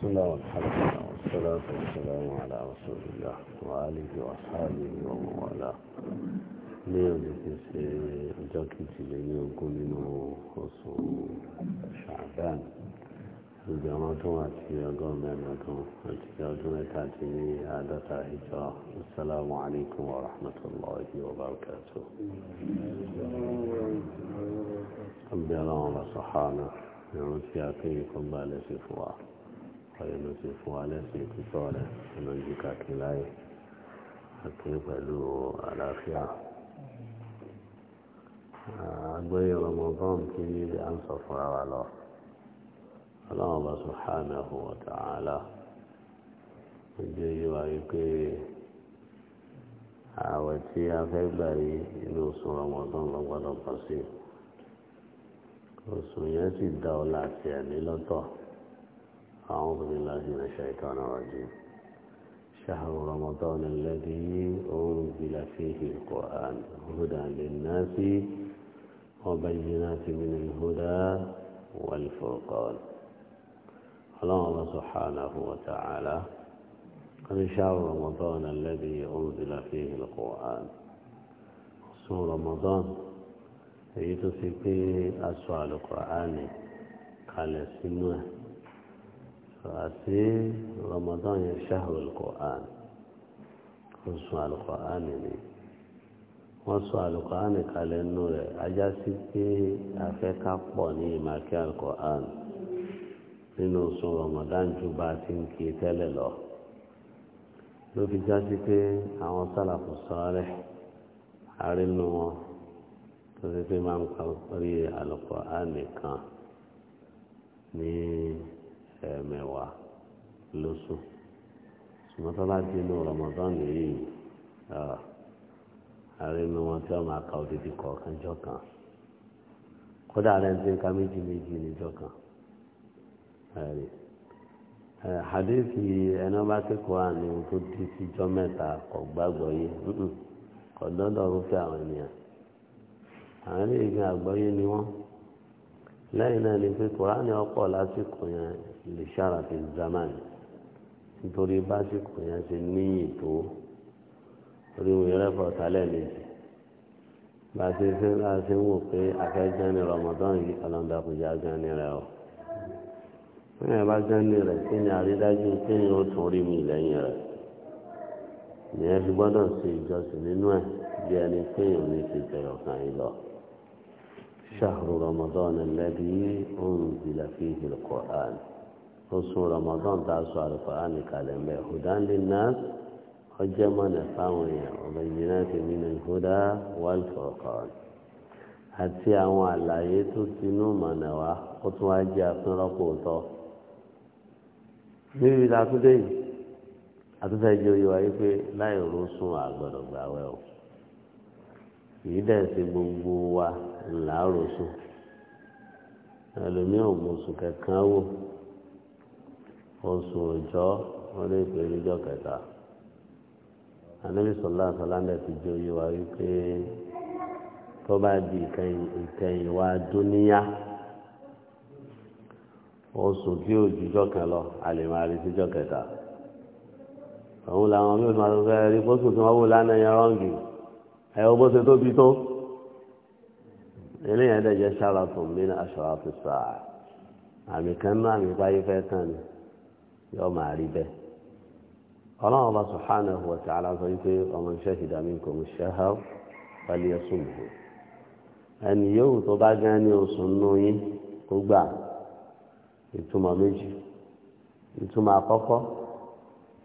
بسم الله والحمد لله والصلاة والسلام على رسول الله وآله وأصحابه وموالاه اليوم جاكي في اليوم كل نوم خصوم شعبان الجامعة تواتي يقوم بأن أكون الجامعة تاتيني هذا تاهجا السلام عليكم ورحمة الله وبركاته الحمد لله وصحانه نعود في أكيكم بالسفوات فإنه سيفوالي سيكتوري ونجيك كلاي أكيد له العافية أقول رمضان كيد أن صفر على الله سبحانه وتعالى جي ويكي àwẹ̀ tí a fẹ́ gbà yí inú oṣù Ramadan ló gbọ́dọ̀ pọ̀ sí oṣù yẹn sì dá ọ láti ẹ̀mí lọ́tọ̀ أعوذ بالله من الشيطان الرجيم شهر رمضان الذي أنزل فيه القرآن هدى للناس وبينات من الهدى والفرقان الله سبحانه وتعالى قد شهر رمضان الذي أنزل فيه القرآن سور رمضان يتسقي أسوأ القرآن قال سنوه àti Ramadan yẹn ṣáàrù Qur'an oṣù Al-Qur'an ni wọ́n sọ Al-Qur'an kalẹ̀ nù rẹ̀ ajá sí pé afẹ́ká pọ̀ ní ìmàkí Al-Qur'an nínú oṣù Ramadan ju bá ti ń kí tẹ́lẹ̀ lọ ló fi já sí pé àwọn sálàkù sọ́ọ́rẹ́ àrínú wọn tó ti fi máa ń parí al nìkan ní. ẹ̀ẹ̀mẹ̀wàá lóṣù ṣùgbọ́n tó inú yìí wọn tí wọ́n máa ka òdìdí kọ̀ọ̀kan jọ kan kódà rẹ̀ ń ka méjì méjì níjọ kan ohun tó mẹ́ta kọ̀ gbàgbọ́ kọ̀ dọ́dọ̀ rúfẹ́ àwọn ènìyàn àgbọ́yé ni wọ́n. lẹ́yìn náà ni pé kòránì ọ̀pọ̀ lásìkò yẹn lè ṣàràfi zamani nítorí básìkò yẹn ṣe níyì tó orí wọn rẹ́pọ̀ tálẹ̀ méjì bá a ṣe ṣe bá a ṣe ń wò pé akẹ́jọ́ ni rọmọdán yìí ọlọ́dà kò já ni rẹ o wọ́n yẹn bá gan ni rẹ kí ni àrídájú kí ni ó tún rí mi lẹ́yìn rẹ ìyẹn fi gbọ́dọ̀ ṣe ìjọsìn nínú ẹ̀ bí ẹni pé èèyàn ti tẹ̀yọ̀ kan yìí lọ. شهر رمضان الذي أنزل فيه القرآن رسول رمضان تعصوا على القرآن كلام هدى للناس وجمع نفاوية وبينات من الهدى والفرقان àti àwọn àlàyé tó tinú mọ̀nà wá ó tún wá jẹ́ àpínrọ́pò tọ́ níbi ìdàkúndé yìí àtúntẹ̀jẹ́ oyè wáyé pé láì ró sùn àgbọ̀dọ̀gbà wẹ̀ o kì í dẹ̀ ṣe gbogbo wa làárò sùn ẹlòmíì ògùn oṣù kẹkàn wò oṣù òjọ wọn lè pè níjọ kẹta anábìsọ̀lá àtàlámẹ́ ti jẹ́ oyè wa wípé tó bá di ìkẹyìn wa dúníyà oṣù tí ò jíjọ kan lọ a lè máa rí síjọ kẹta òun làwọn mí ò máa fẹ́ rí pósù tí wọ́n wò lánàá yẹn rọ́ǹgì ẹ̀ ọ bó ṣe tóbi tó. eléyìí ẹ̀dẹ̀ jẹ́ sára fún mi ní aṣọ àtúnṣà àmì kan náà àmì báyé fẹ́ tán ni yóò máa rí bẹ́ẹ̀ ọlọ́run ọba subhanahu wa ta'ala sọ wípé ọmọ shahida minkum ash-shahr falyasumhu ẹni yóò tó bá gán ní oṣù nù yín kó gbà ìtumọ̀ méjì ìtumọ̀ àkọ́kọ́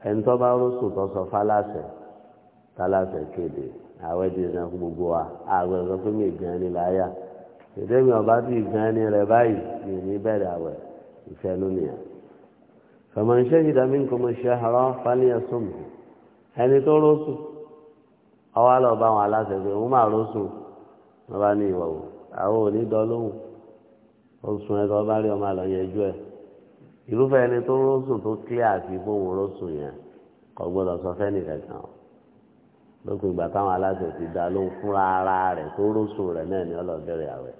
ẹni tó bá rọ́sùn tó sọ fálásẹ̀ fálásẹ̀ kéde àwẹ̀ gbogbo wa àwẹ̀ pé mi gan ni láyà. èdè mi ọba ti gan ẹni rẹ báyìí mi ò ní bẹ̀rẹ̀ àwẹ̀ ìfẹ́ ló nìyà. fàmọ́ iṣẹ́ yìí dàmí nǹkan mo ṣe àrọ́ fálíyà sómi ẹni tó rósù ọwọ́ àlọ́ bá wọn aláṣẹ pé òun máa rósù wọn bá ní ìwọ̀wò àwọn ò ní dán lóhùn oṣù ẹ̀ tó rí ọmọ àlọ́ yẹjú ẹ̀ irúfẹ́ ẹni tó rósù tó kílẹ̀ àti fóun rósù yẹn kò lókun ìgbà táwọn aláṣẹ ti dá lóhùn fúnra ara rẹ̀ tó rọ́ṣù rẹ̀ náà ni ọlọ́bẹ̀rẹ̀ àwẹ̀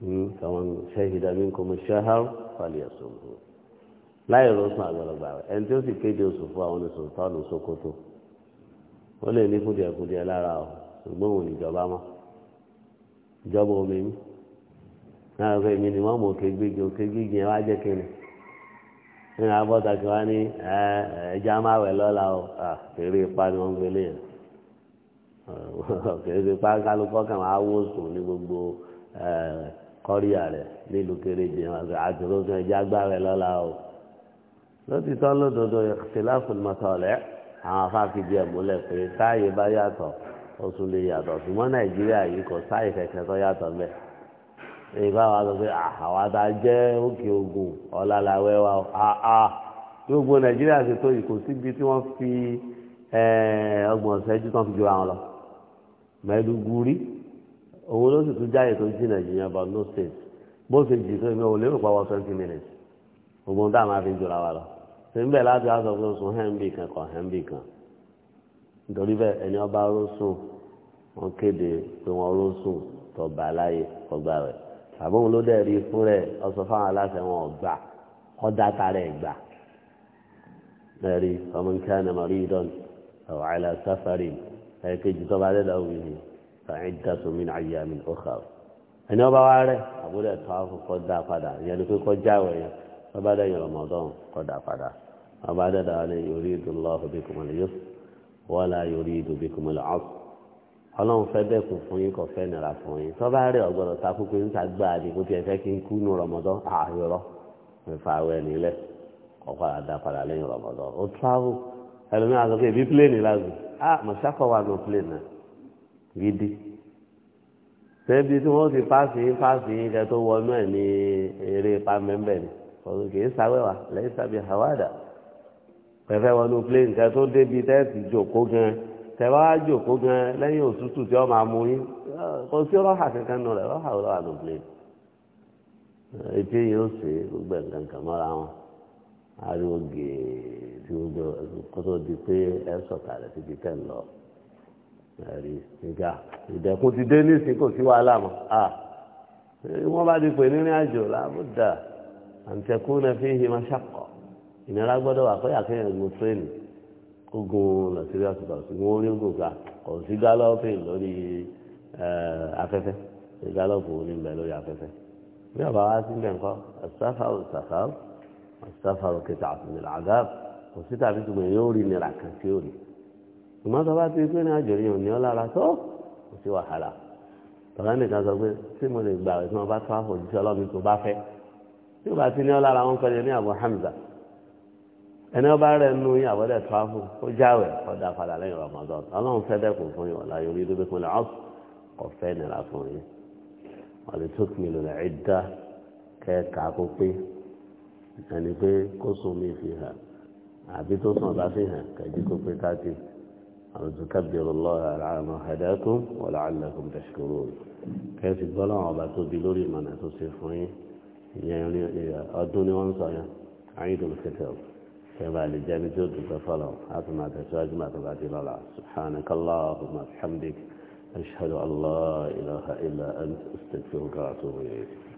hmm, kàwọn ṣẹ́hìdá mi kò mọ ṣẹ́hàrù fàlì ẹ̀sùn fún láì rọ́ṣù àgbàlagbà rẹ̀ ẹni tí ó sì kéde oṣù fún àwọn oṣù tọ́nù Sokoto ó lè ní kùdìẹ̀kùdìẹ̀ lára o ṣùgbọ́n òun ìjọba mọ́ ìjọba omi mi náà fẹ́ mi ni wọ́n mọ̀ kégbégi òkégbégi wá jẹ́ kiri ní abọ́tàkì wá ní ẹja máa wẹ̀ lọ́la o kéré ipa ni wọ́n ń gbélé yẹn kéré ipa kálukọ́ kan máa wó sùn ní gbogbo kọ́ríà rẹ̀ nílùú kéréje àtúrò kan ẹja gbá wẹ̀ lọ́la o lọ́tí tán lódodo ìṣẹ̀láfù mọ́tọ́lẹ̀ àwọn afáfíjì ẹ̀ múlẹ̀ pé táyé bá yàtọ̀ ó tún lè yàtọ̀ ṣùgbọ́n nàìjíríà yìí kò sáyé kẹ̀kẹ́ tó yàtọ̀ mẹ́ẹ̀ ìbá wa sọ pé àwọn àtà jẹ́ òkè ogun ọ̀làlàwẹ̀ wa àà gbogbo nàìjíríà ti tó yìí kò síbi tí wọ́n fi ọgbọ̀n ṣẹ́jú tán fi jura wọn lọ mẹ́ẹ̀dúgúrí òun ló sì tún jáde tó jí nàìjíríà but no state bó ṣe jì tó ìgbà òun lérò pa wọ́n twenty minutes gbogbo táwọn máa fi jura wa lọ ṣe ń bẹ̀ láti wá sọ pé oṣù hẹ́ńbì kan kọ̀ hẹ́ńbì kan nítorí bẹ́ẹ̀ ẹni ọba rósùn wọ́n kéde pé wọ́n rósùn tọ́ba láyé ọgbà rẹ̀ àbóhun ló dẹ̀ rí fún rẹ̀ ọsọ fáwọn aláṣẹ wọn ọgbà kọ́dá tarẹ̀ gbà lẹ́rí ọmọ nǹkan ẹ̀nà mọ̀rí ìdán ọ̀wọ̀ àìlà sáfàrí ẹ̀kejì tó bá dẹ́dà òwì ni fàáyín dá tómi ní ayé àmì ọ̀kà ẹni ọba wa rẹ̀ àbúrò ẹ̀tọ́ àkọ́kọ́ dá padà ìyẹn ni pé kọjá wẹ̀ ọba dẹ́yìn ọmọdún kọ́dà padà ọba dẹ́dà ni yorí ìdúnlọ́ọ̀fù bí kùmọ̀lẹ́yọ́sù wọ́lá yorí ìdú bí ọlọ́run fẹ́ dẹ́kun fún yín kò fẹ́ nira fún yín tọ́ bá rẹ̀ ọ̀gbọ́dọ̀ ta kúkú ń ta gbá àdìgbò tí ẹ fẹ́ kí n kú nù rọmọdọ́ àyọrọ ìfà awẹ nílẹ̀ ọkọ̀ àdá padà lẹ́yìn rọmọdọ́ ó travel ẹlòmíì àti ọkọ̀ ìbí plane lásìkò ah mọ̀ṣákọ̀ wà nù plane náà gidi sẹ́bi tí wọ́n ti páàsì yín páàsì yín kẹ́ tó wọnú ẹ̀ ní eré pàmẹ́mbẹ̀ ni ọ̀rọ̀ kì í sáwẹ́wà lẹ́yìn sábì hàwádà pẹ̀fẹ́ wọnú plane tẹ̀wá jòkó gan lẹ́yìn òtútù tí ó máa mú yín kò sí rọ́hà kankan nù rẹ̀ rọ́hà rọ́hà ló gbé etí yìí ó ṣe gbogbo nǹkan kan mọ́ra wọn ariwo gèè tí ó jọ kó tó di pé ẹ sọ̀tà rẹ̀ síbi tẹ̀ lọ ẹ̀rí ìgbà ìdẹ̀kùn ti dé nísìnyí kò sí wàhálà mọ́ a wọ́n bá di pè ní ìrìn àjò làbúdà àǹtẹ̀kùn náà fi hì máa ṣàkọ́ ìnira gbọ́dọ̀ wà pé àkẹ́yẹ̀ ń gbọ́ tréènì ogun nàìjíríà tuntun sí wọn ní ogun kò sí gálọ́ọ̀pì lórí afẹ́fẹ́ sí gálọ́ọ̀pì òní mbẹ lórí afẹ́fẹ́ bí ọba wa sí mẹ́ńkọ́ asáfàrò sàfàrò asáfàrò kẹta àtúnyẹ̀lá àgáàb kò sí tàbí tùmọ̀ yóò rí nira kan tí ó rí ìmọ̀ tó bá pé ní àjòrí òní ọ́ lára tó kò sí wàhálà tọ́lá nìkan sọ pé tí mo lè gbà tí mo bá tó àfọ̀jísọ́ ọlọ́mi tó bá fẹ́ tí mo bá ti ní ọ́ lára wọn kọ́ ẹni ọba rẹ nu yín àbọ̀dẹ̀ tó áfù ó jáwẹ̀ ọ̀dà padà lẹ́yìn Ramadan ọlọ́run fẹ́ dẹ́kun fún yín ọ̀la yorùbá ìdúgbò kúnlẹ̀ ọ̀sùn kò fẹ́ nira fún yín ọ̀lẹ́ tó kì í lò lẹ́ ẹ̀dá kẹ́ẹ̀ka kó pé ẹni pé kó sùn mí fi hàn àbí tó sùn ọ̀dà fi hàn kẹ́ẹ̀dí kó pé káàkiri àlùtò kábíyèrè lọ́wọ́ àràmọ́ ẹ̀dákùn wọlé àlẹ́kùn tẹ̀síkòrò kẹ́ẹ̀sì gbọ́lọ́ ọba tóbi lórí ìmọ̀nà tó ṣe fún yín ìyẹn ọdún ni wọ́n sọ yẹn àyíndòlùfẹ́tẹ̀ọ̀ كمال لجاني جود تفلو عظمة تسواج ما تبعدي لله سبحانك اللهم بحمدك أشهد أن لا إله إلا أنت أستغفرك وأتوب إليك